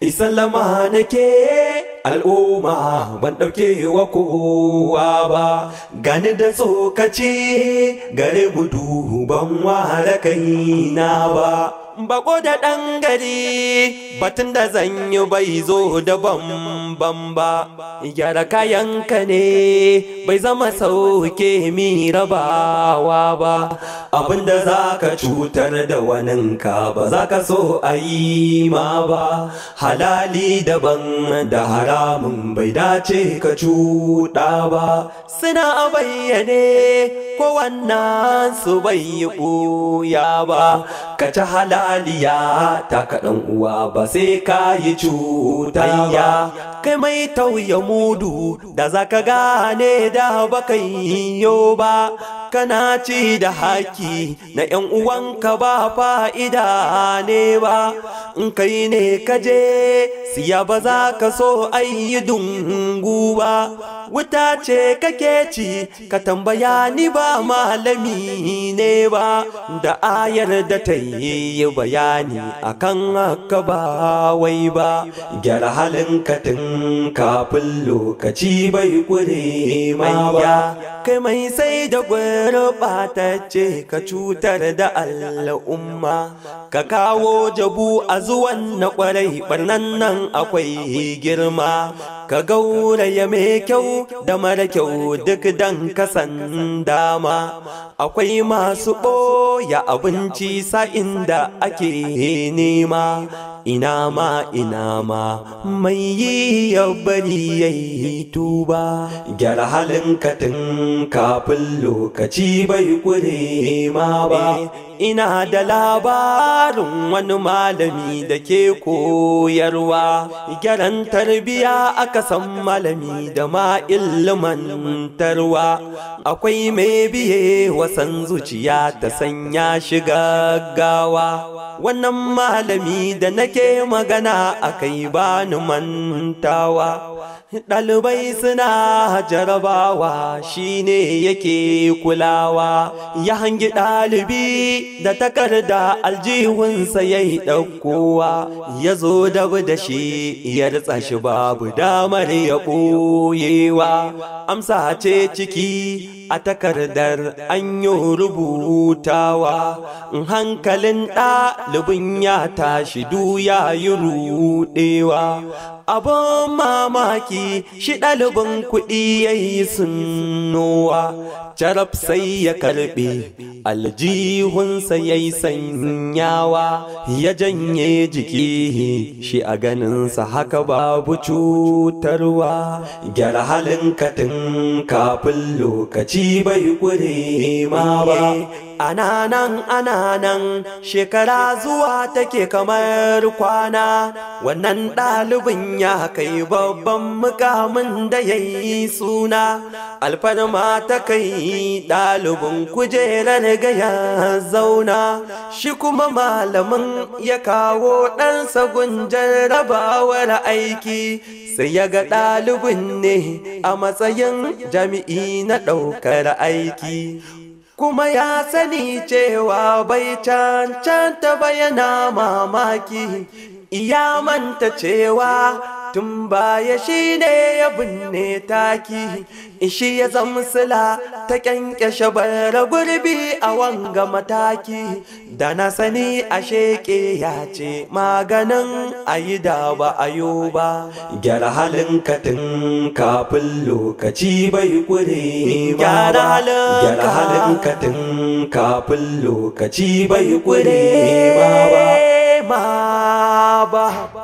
Isa Isallama nake al'umma ban ɗauke wa kowa ba, gani da tsokaci gare mu ban wahara kaina ba. bako da ɗan gari batun da zan yi bai zo da bambam ba gyara kayanka ne bai zama sauke mi rabawa ba abinda za ka cutar da waninka ba za ka so a yi ma ba halali daban da haramun bai dace ka cuɗa ba suna a bayyane kowannan su bai yi ɓuya ba ka ci halaliya ta ka uwa ba sai ka yi cuta kai mai tauya mudu da zaka gane da baka yo ba kana ci da haki na yan uwanka ba fa'ida ne ba in kai ne kaje siya ba za ka so ayi dungu ba wuta ce kake ci ka tambaya ni ba malami ne ba da ayar da ta yi bayani akan haka ba wai ba gyara halin katin kafin lokaci bai ƙure manya kai mai sai da gurɓatacce ka cutar da al'umma ka kawo jabu a zuwan na ƙwarai ɓarnan nan akwai girma ka gauraya mai kyau da mara kyau duk dan kasan dama akwai masu ɓoya abinci sa'in da ake nema ina ma ina ma mai yi ya bari ya yi tuba gyara halin katin kafin lokaci bai kure ma ba ina da labarin wani malami da ke koyarwa gyaran tarbiya aka san malami da ma ilmantarwa akwai mai biye wasan zuciya ta sanya shiga gawa wannan malami da nake magana akai bani mantawa ɗalibai suna jarabawa shine yake kulawa ya hangi ɗalibi da takarda aljihunsa ya yi ɗaukowa ya zo dabu da shi ya ritsa shi babu damar ya ɓoyewa amsa ce ciki a takardar an yi rubutawa hankalin ɗalibin ya tashi du ya yi ruɗewa abin mamaki shi ɗalibin kuɗi ya yi sunnowa jarab sai ya karbe aljihunsa ya yi sanyawa ya janye jiki shi a ganinsa haka babu cutarwa gyara halin katin kafin lokaci bai kure ma ba ananan ananan shekara zuwa take kamar kwana wannan ɗalibin ya kai babban mukamin da yayi suna alfarma ta kai ɗalibin kujerar gaya zauna shi kuma malamin ya kawo ɗansa gunjar rabawar aiki sai ya ga ɗalibin ne a matsayin jami'i na ɗaukar aiki kuma ya sani cewa bai cancanta ba yana mamaki iya manta cewa tun baya shi ne ya binne taki shi ya zamsila ta kyankyashe bara gurbi a wanga mataki da na sani a sheke ya ce maganin ayi da ba a yi ba gyara halin katin bai kure ba gyara halin katin kafin lokaci bai kure ba ba eh,